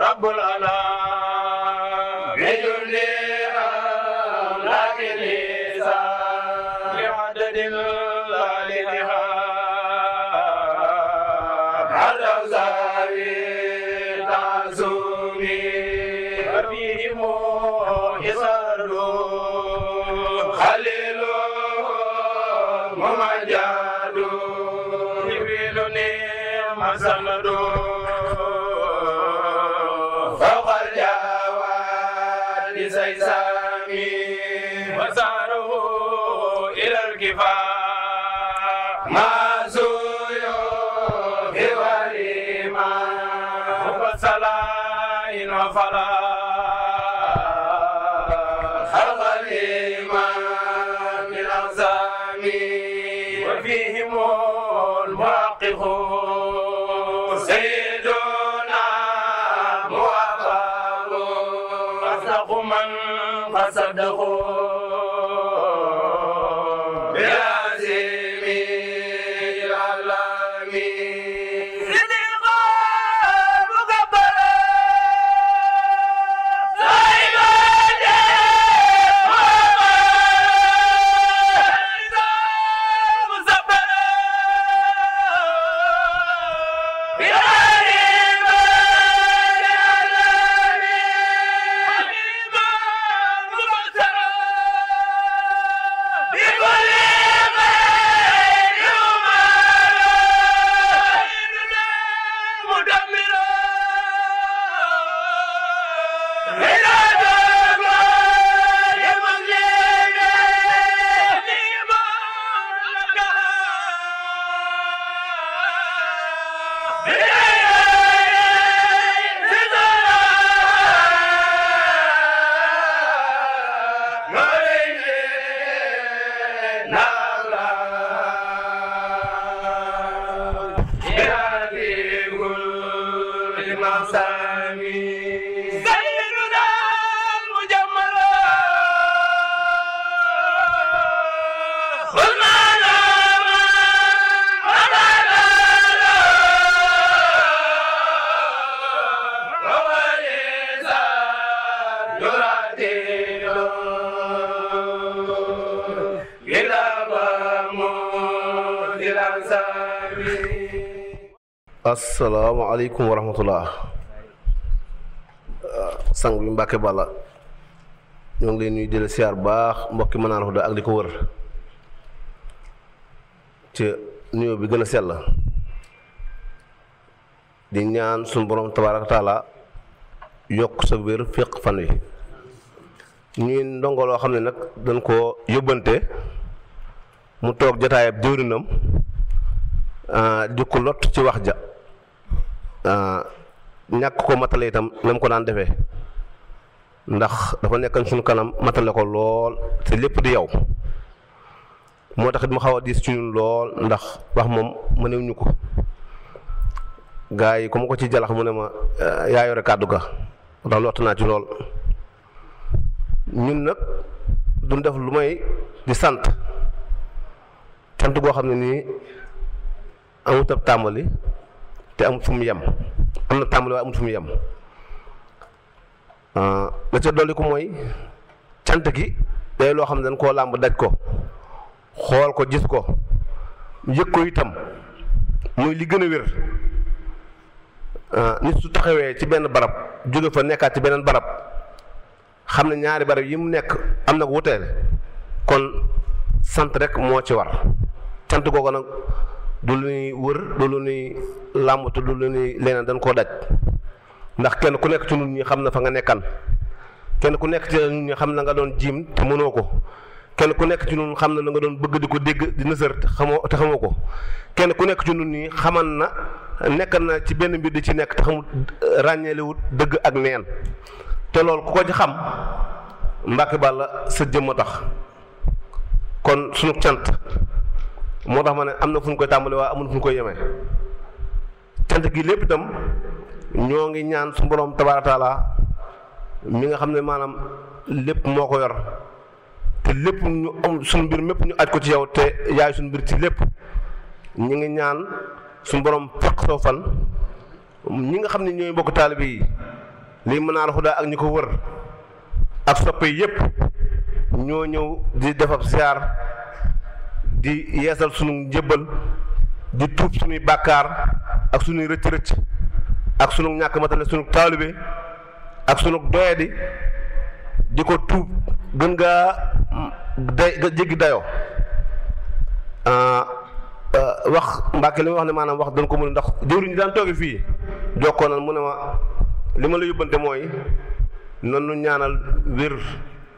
رب العالمين say say Assalamualaikum warahmatullah. Eh, sang bi mbake bala. Ñu ngi ñuy jël siyaar baax mbokki Manaarul Huda ak di wër ci ñoo bi gëna sel. di ñaan sun borom tabaaraka taala yok sa wër fiq fan wi ndongo lo xamne nak dañ ko yobante mu ab diwrinam. Eh, jëwrinam di ko lott ci wax ja Euh, ñàkk ko matale itam na mu ko daan defee ndax dafa nekkan suñu kanam matale ko lool te lépp di yow moo tax it mu xaw a diis ci ñun lool ndax wax moom mënewuñu ko gars yi ku ma ko ci jalax mu ne ma euh, yaa kàddu ga ndax lott naa ci lool ñun nag duñ def lu may di sant sant goo xam ne nii amut tàmbali te amut fu mu yem am na tàmbali waaye amut fu mu yem ah, la ca dolli ko mooy cant gi day loo xam ne dañ koo làmb daj ko xool ko gis ko yëg ko itam muy li gën a wér ah, nit su taxawee ci benn barab jóge fa nekkaat ci beneen barab xam ne ñaari barab yi mu nekk am na ko kon sant rek moo ci war cant googu nag du lu ñuy wër du lu ñuy làmbatu du lu ñuy leneen dañ koo daj ndax kenn ku nekk ci ñun nii xam na fa nga nekkan kenn ku nekk ci ñun ñi xam na nga doon jiim te mënoo ko kenn ku nekk ci ñun xam na la nga doon bëgg di ko dégg di nësër te xamoo te ko kenn ku nekk ci ñun ñi xaman na nekkan na ci benn mbir di ci nekk te xamul ràññeelewut dëgg ak neen te loolu ku ko ci xam Mbàkke Bàlla sa jëmm a tax kon suñu cant moo tax ma ne am na fu ñu koy tàmbali waaye amul fu ñu koy yemee cant gi lépp itam ñoo ngi ñaan su mboroom tabaaraka taala mi nga xam ne maanaam lépp moo ko yor te lépp ñu am suñu mbir mépp ñu aj ko ci yow te yaay suñu mbir ci lépp ñu ngi ñaan su borom fekk soo fan ñi nga xam ne ñooy mbokk taalibe yi naa Minanul daal ak ñi ko wër ak soppe yépp ñoo ñëw di defab siyaar di yeesal sunu njëbbal di tuub sunuy bakar ak sunuy rëcc-rëcc ak sunu ñàkk matale sunu taalibe ak sunu doye di ko tuub gën nga day nga jéggi dayoo ah, ah, wax Mbàkke li wax ne maanaam wax dañ ko mën ndax jëwriñ daan tooge fii jokkoo nan mu ne ma li ma la yóbbante mooy nanu ñaanal wér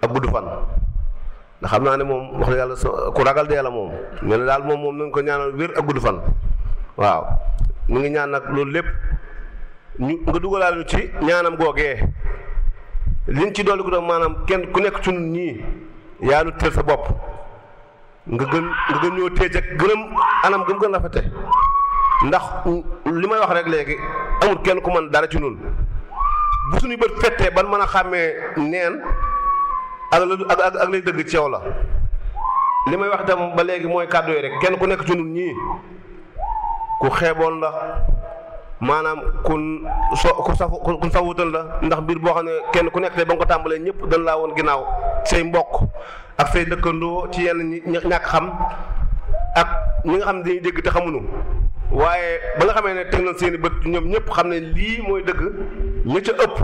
ak fan ndax xam naa ne moom wax yàlla ku ragal dee la moom mais ne daal moom moom nañ ko ñaanal wér ak gudd fan waaw mu ngi ñaan nag loolu lépp ñu nga dugalaal ñu ci ñaanam googee liñ ci dolli ko maanaam kenn ku nekk ci ñun ñii yaa nu teel sa bopp nga gën nga gën ñoo téye ca gënam anam gëm gën rafete ndax li may wax rek léegi amul kenn ku mën dara ci ñun bu suñu bët fettee ban mën a xàmmee neen ak ak ak lay dëgg ci la li may wax tam ba léegi mooy kàddu yi rek kenn ku nekk ci ñun ñii ku xeeboon la maanaam kun so ku safu kun sawutal la ndax mbir boo xam ne kenn ku nekk tey ba nga ko tàmbalee ñëpp dañ laa woon ginnaaw say mbokk ak say dëkkandoo ci yenn ñi ñàkk xam ak ñi nga xam ne dañuy dégg te xamuñu waaye ba nga xamee ne teg nañ seen bët ñoom ñëpp xam ne lii mooy dëgg ñi ca ëpp.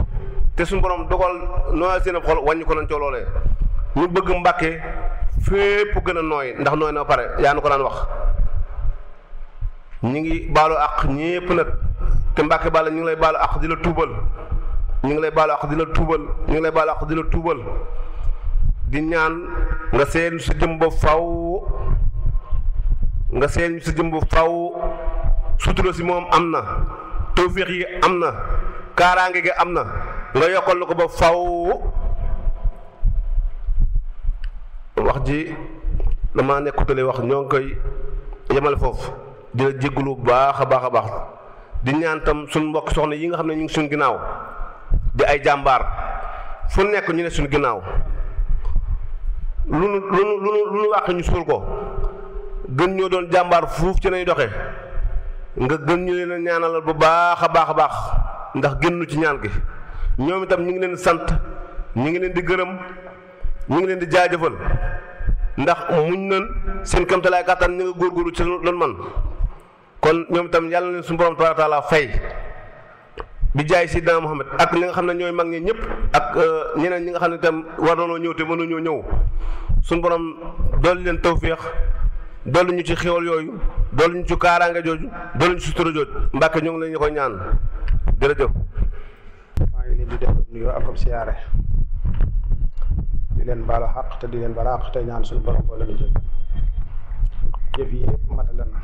te suñu borom dogal nooyal seen xol wàññi ko nañ coo ñu bëgg mbàkke fépp gën a nooy ndax nooy na pare yaa nu ko daan wax ñi ngi baalu àq ñépp nag te mbàkke bala ñu ngi lay baalu àq di tuubal ñu ngi lay baalu àq di la tuubal ñu ngi lay baalu àq di la tuubal di ñaan nga seen sa jëm ba faw nga seen sa jëm ba faw sutura si moom am na tawféex yi am na kaaraange gi am na nga yokkal ko ba faw wax ji dama lay wax ñoo ngi koy yemal foofu di la jégalu bu baax a baax a baax di ñaan tam suñ mbokk soxna yi nga xam ne ñu ngi suñ ginnaaw di ay jàmbaar fu nekk ñu ne suñ ginnaaw lu nu lu nu lu nu wax ñu suul ko gën ñoo doon jàmbaar fuuf ci nañu doxe nga gën ñu leen a ñaanalal bu baax a baax a baax ndax génnu ci ñaan gi ñoom itam ñu ngi leen sant ñu ngi leen di gërëm ñu ngi leen di jaajëfal ndax muñ nan seen kamtalaay kàttan ñu nga góorgóorlu ci loolu man kon ñoom itam yàlla leen su borom tabaaraka taala fay bi jaay si sidna Muhammad ak ñi nga xam ne ñooy mag ñi ñëpp ak euh, ñeneen ñi nga xam ne itam war nañoo ñëw te mënuñoo ñëw suñu borom dool leen tawféex dool ñu ci xéwal yooyu dool ñu ci kaaraange jooju dool ñu ci sutura jooju Mbàkke ñoo ngi leen ñu maa ngi leen di delloo nuyoo ak ab siyaare di leen baalu xaq te di leen baalu xaq te ñaan suñu borom boo leen jël jëf yi yëpp matale na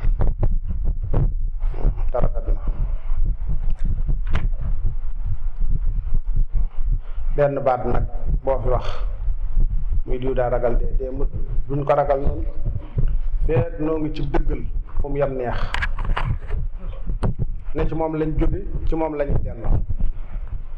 tarafet na benn baat nag boo fi wax muy diw daa ragal dee dee mu duñ ko ragal noonu feet noo ngi ci dëggal fu mu neex ne ci moom lañ jóge ci moom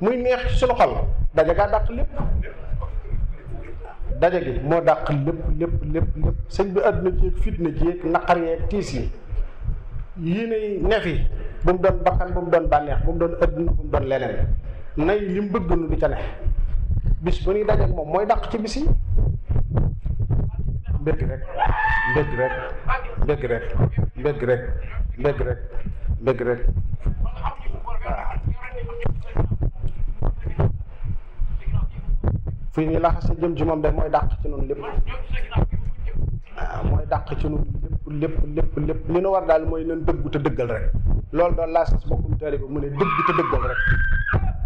muy neex ci suñu xol daja gaa dàq lépp daja gi moo dàq lépp lépp lépp lépp sëñ bi ji jéeg fitna jéeg naqar yeeg tiis yi yii nay neef yi bu mu doon bakkan bu mu doon bànneex bu mu doon àdduna bu mu doon leneen nay li mu bëgg nu di ca ne bis bu ñuy dajeek moom mooy dàq ci bis yi mbëgg rek mbëgg rek mbëgg rek mbëgg rek mbëgg rek fu ñuy laxase jëm ci moom de mooy dàq ci noonu lépp waaw ah, mooy dàq ci noonu lépp lépp li nu war daal mooy leen dëggu te dëggal rek loolu daal laa sas bokkum taalibe mu ne dëgg te dëggal rek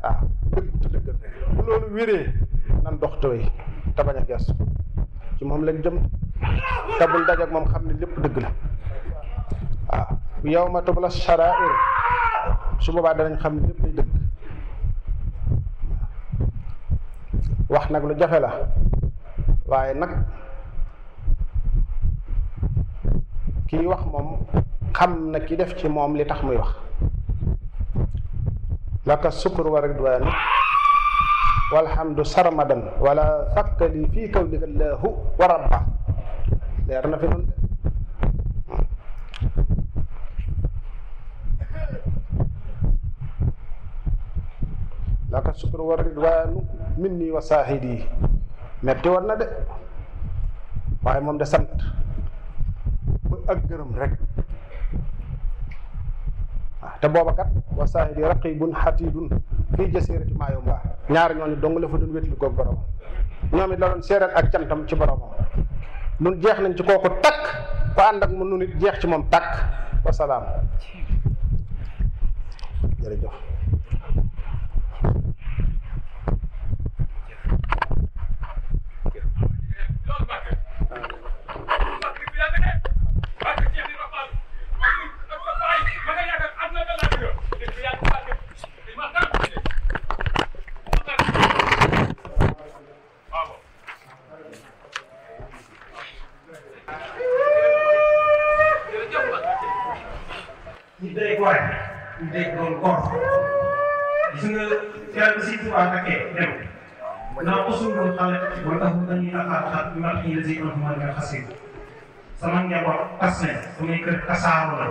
waaw ah, dëgg te dëggal rek bu loolu wéree nan dox tawee te bañ a gees ci moom la jëm te buñ dajeek moom xam ne lépp dëgg la waaw ah, yow ma tubla sarair su boobaa danañ xam lépp dëgg wax nag lu jafe la waaye nag kii wax moom xam na ki def ci moom li tax muy wax laka sukur wa ridwaan walhamdu sarmadan wala fakkali fii kawlika laahu wa rabba leer na fi noonu de laka sukur wa ridwaanu minni wa sahidi metti woon na de waye mom de sant ak gërëm rek ah te booba kat wa sahidi raqibun hatidun fi jasirati ma yumba ñaar ñoni dong la fa dun wétli ko borom ñoom la don séral ak cantam ci borom jeex nañ ci koku tak ko and ak mu jeex ci wa salam gis nga yàlla si tubaab nekkee dem wala usulul xalq wala taxul dañuy naxaaxaat bi ma taxi la si am man nga xasee sama njaboot tas nañ samay kër tasaaru la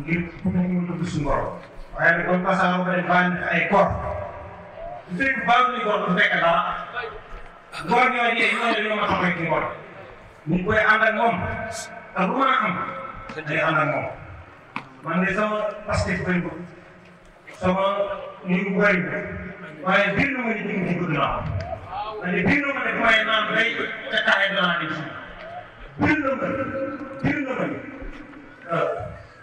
ngir fu mu ñëw dugg suñu borom waaye nag comme tasaaru ba dañ bànn ay góor bu fekk baalu ñu góor du fekk dara góor ñooñu yéen ñoo ne ñoo ma xam rek ci ngor ñu koy ànd ak moom ak lu mën a am day ànd ak moom man de sama pastèque bañ ko sama ni mu bëri waaye biir na ma ne jiw jiw naa waaye biir na ma ne may naan day ca kaay naa ne ji biir na ma biir na euh,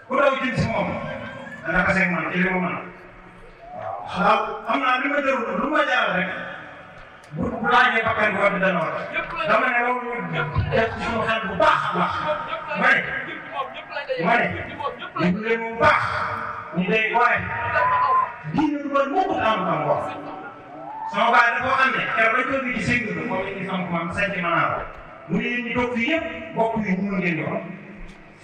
ku daw jëm si moom dana ko seeg man ci li ma mën waaw naa li ma déglu lu ma jaar rek bu bu laajee bakkan bu wàllu dana war dama ne loolu def ci suñu xel bu baax a baax ma ne ma ne ñu day gore diine du bëri mukk am-am wax sama baay dafa am ne keroog dañ koy gis sëñ bi moom la ñuy xam maam sànq ma naa ko mu ne yéen ñi toog fii yëpp bopp yu ñuul ngeen yor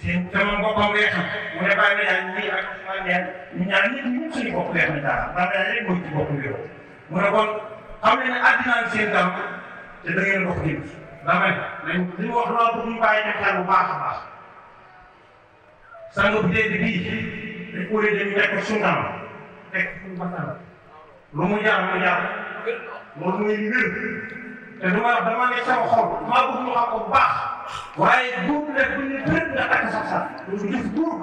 seen jamono boppam ngay xam mu ne bàyyi na ñuy ak man ñaan ñu ñaan ñëpp ñu suñu bopp weex na dara baax na rek mooy ci bopp ngeen mu ne kon xam ne ne àddinaan seen dam te da ngeen dox jëm dama ne nañ li wax loolu pour ñu bàyyi ne xel bu baax a baax sang bi tey bii li ko réglé ñu teg ko suñu kanam teg ko suñu bakkan lu mu jaar mu jaar loolu mooy li wér te dama dama ne sama xol maa bëgg ñu xam ko bu baax waaye buubu nag bu ñu tënk nga takk sax sax loolu gis buub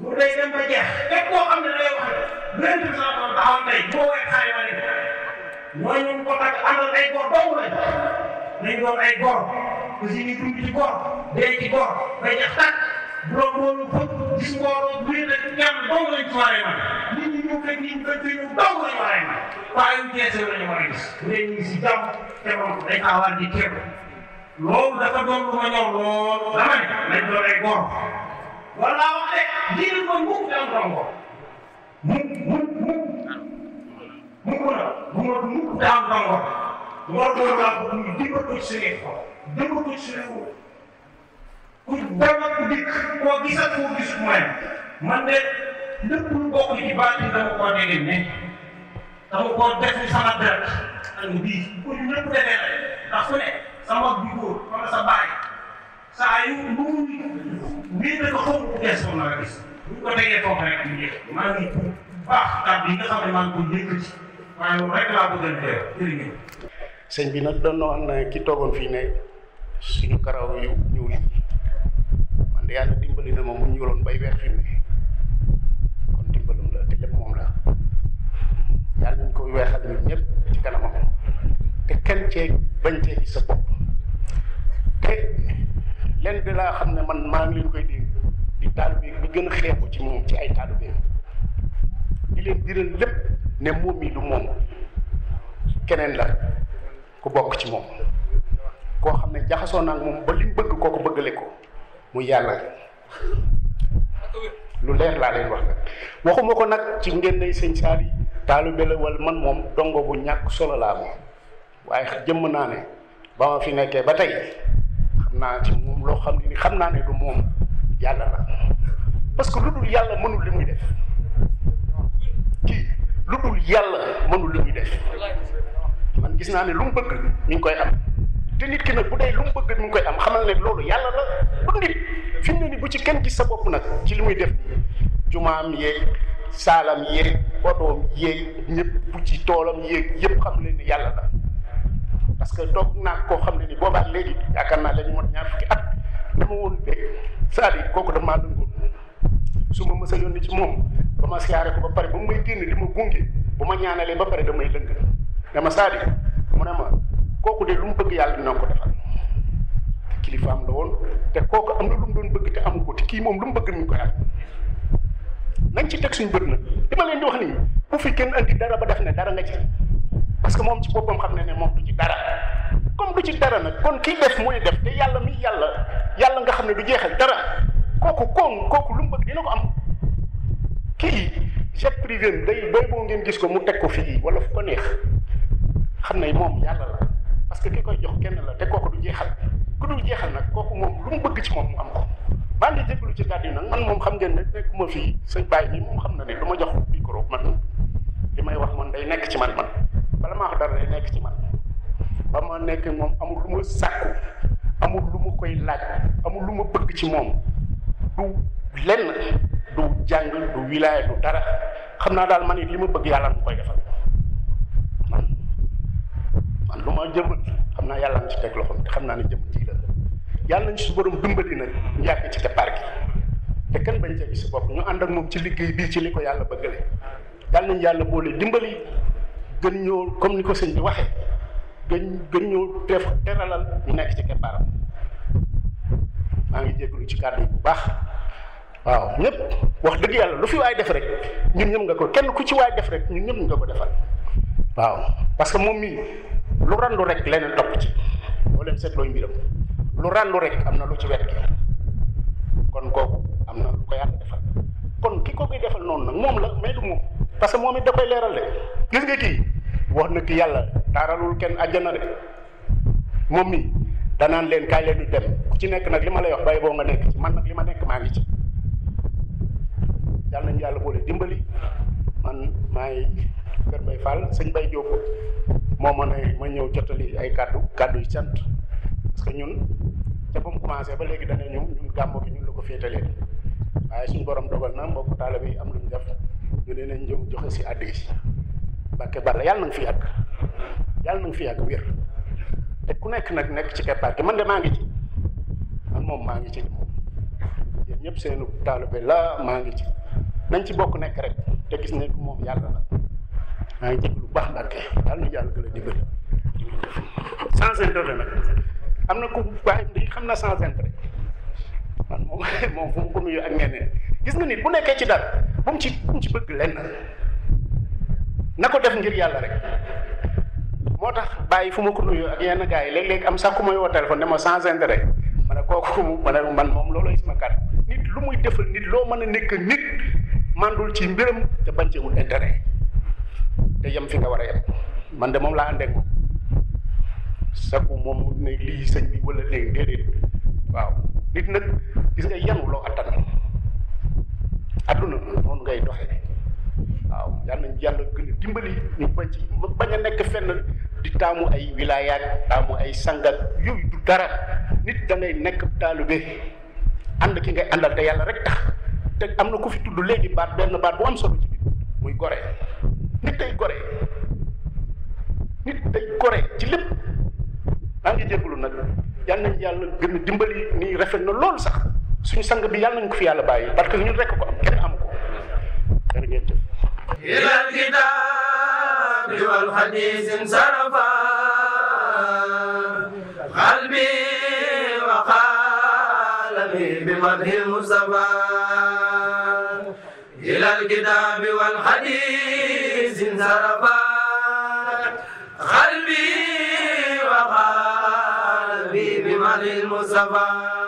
mu day dem ba jeex teg koo xam ne day wax benn saa doon taxaw tey boo wér xaay ma def mooy ñu ko takk àndal ay góor dong lañ nañ doon ay góor aussi ñu dund ci góor dee ci góor ba jeex tàkk loolu foofu ci mbooloo bu ñu nekk ñaar daw lañ ko war a mën nit ñi ñu fekk ñu bëgg ñu daw lañ war a mën waaye yu jeexee la ñu war a gis bu dee ñu ngi si jàmm te moom dañ kaa war di teew loolu dafa doon lu ma ñor loolu dama ne lañ doon ay góor wala wax de diine ko mu dem rongo mu mu mu mu mën a mu mën mu daan rongo loolu mooy waa bu mu dimbali ko ci suñuy xol dimbali ko ci suñuy xol ku dem ku dikk koo gisal koo gis mooy man de lépp lu bokk ci baatin dama koo déggee ne dama koo def ci sama deret ak bii pour ñëpp defee ne sa mag bi góor wala sa baay saa yu lu mu mbir mi ko xaw nga gis bu ñu ko tegee foofu rek ñu jeex maa ngi pour baax kàddu yi nga xam ne maa ngi ko yëkkati waaye loolu rek laa bëgg a teew jërëjëf. sëñ bi nag doon na wax ne ki toogoon fii ne suñu karaw yu. man yàlla dimbali na moom mu ñuuloon bay weer fi kon dimbalum la te lépp moom la yàlla nañ ko weexal ñun ñëpp ci kanamam te kenn cee bañ cee gis sa bopp te lenn bi laa xam ne man maa ngi leen koy dégg di taalibe bi gën a xeebu ci moom ci ay taalibe di leen diral lépp ne moom mi du moom keneen la ku bokk ci moom koo xam ne jaxasoo naa ak moom ba li bëgg kooku bëggale ko mu yàlla lu leer laa leen wax waxuma ko nag ci ngeen nay sëñ saar taalu bele wala man moom dongo bu ñàkk solo laa moom waaye jëmm naa ne ba ma fi nekkee ba tey xam naa ci moom loo xam ne ni xam naa ne lu moom yàlla la parce que lu dul yàlla mënul li muy def kii lu dul yàlla mënul li muy def man gis naa ne lu mu bëgg mi koy am te nit ki nag bu dee lu mu bëgg mu ngi koy am xamal ne loolu yàlla la bu nit fi mu ne ni bu ci kenn gis sa bopp nag ci li muy def jumaam yeey saalam yeey otoom yeey ñëpp ci toolam yeeg yëpp xam leen ne yàlla la parce que toog naa koo xam ne ni boobaat léegi yaakaar naa lañu mot ñaar fukki at dama woon de c'est-à-dire kooku daf maa su ma mës a yónni ci moom ba ma siyaare ko ba pare ba mu may génn di ma gunge bu ma ñaanalee ba pare damay lëng dama cest mu ne ma kooku de lu mu bëgg yàlla dina ko defal kilifaam la woon te kooku am na lu mu doon bëgg te amu ko kii moom lu mu bëgg mi ko yàlla nañ ci teg suñ bët na li ma leen di wax nii bu fi kenn andi dara ba def ne dara nga ci parce que moom ci boppam xam ne ne moom du ci dara comme du ci dara nag kon kii def mooy def te yàlla mi yàlla yàlla nga xam ne du jeexal dara kooku koom kooku lu mu bëgg dina ko am kii jet privé day bay boo ngeen gis ko mu teg ko fii wala fu ko neex xam ne moom yàlla parce que koy jox kenn la te kooku du jeexal ku dul jeexal nag kooku moom lu mu bëgg ci moom mu am ko maa ngi lu ci kàddu yi nag man moom xam ngeen ne nekkuma fii sëñ Baye mi moom xam na ne lu ma jox micro man li may wax man day nekk ci man man bala maa wax dara day nekk ci man ba ma nekk moom amul lu ma sàkku amul lu ma koy laaj amul lu ma bëgg ci moom du lenn du jàng du wilaaya du dara xam naa daal man it li ma bëgg yàlla mu koy defal. gannaaw jëmm xam naa yàlla na ci teg loxoom te xam naa ne jëmm ji la yàlla nañ su borom dimbali nag ñu yàgg ci départ gi te kenn bañ ca gis bopp ñu ànd ak moom ci liggéey bii ci li ko yàlla bëggale yàlla nañ yàlla boole dimbali gën ñoo comme ni ko sëñ bi waxee gën gën ñoo def teralal ñu nekk ci ngi ci bu baax waaw wax dëgg yàlla lu fi waay def rek ñun nga ko kenn ku ci waay def rek ñun nga ko defal waaw parce que moom mii lu randu rek leneen topp ci boo leen seetlooy mbiram lu randu rek am na lu ci wet kon kooku am na lu ko yàlla defal kon ki ko koy defal noonu nag moom la may du moom parce que moom it da koy leeral de gis nga kii wax na ki yàlla taaralul kenn àjjana de moom mi danaan leen kaay leen di dem ku ci nekk nag li ma lay wax bay boo nga nekk ci man nag li ma nekk maa ngi ci yàlla nañu yàlla boole dimbali man maay Kër Bay Fall sëñ Bay Diop moo ma ne ma ñëw jotali ay kàddu kàddu yi cant parce que ñun ca ba commencé ba léegi dañu ñëw ñun gàmmu bi ñun la ko féetalee waaye suñu borom dogal na mbokk taalibe yi am lu ñu def ñu ne nañ ñëw joxe si àddi yi Mbàkke Balla yàlla na nga fi yàgg yàlla na nga fi yàgg wér te ku nekk nag nekk ci keppaar gi man de maa ngi ci man moom maa ngi ci moom yéen ñëpp seenu taalibe la maa ngi ci nañ ci bokk nekk rek te gis ne moom yàlla la maa ngi ci baax barke daal ñu yàlla gën a dimbali sans intérêt nag am na ku waaye dañu xam na sans intérêt man moom moom fu mu ko nuyu ak ñeneen gis nga nit bu nekkee ci dara bu mu ci bu mu ci bëgg lenn na na ko def ngir yàlla rek moo tax bàyyi fu ma ko nuyu ak yenn gars yi léeg-léeg am sax ku may téléphone ne ma sans intérêt ma ne kooku ma ne man moom loolooy sama kar nit lu muy defal nit loo mën a nekk nit mandul ci mbiram te bañ ci wul intérêt te yam fi nga war a yem man de moom laa ànd ak moom saku moom ne lii sëñ bi wala léegi déedéet waaw nit nag gis nga yenu loo attan aduna noonu ngay doxee waaw yal nañ yàlla gën a dimbali ñu bañ ci bañ a nekk fenn di taamu ay wilaayaat taamu ay sangal yooyu du dara nit da ngay nekk taalibe ànd ki ngay àndal te yàlla rek tax te am na ku fi tudd léegi baat benn baat bu am solo ci biir muy gore nit day gore nit day gore ci lepp da nga jégalu nak yal nañ yalla gën dimbali ni rafet na lool sax suñu sang bi yalla nañ ko fi yalla bayyi parce que ñun rek ko am kenn am ko jërë ngeen jëf qalbi wa والحديث bi قلبي وقالبي ila al kitab wal hadith إذ انصرفت قلبي وقلبي بمال المصطفى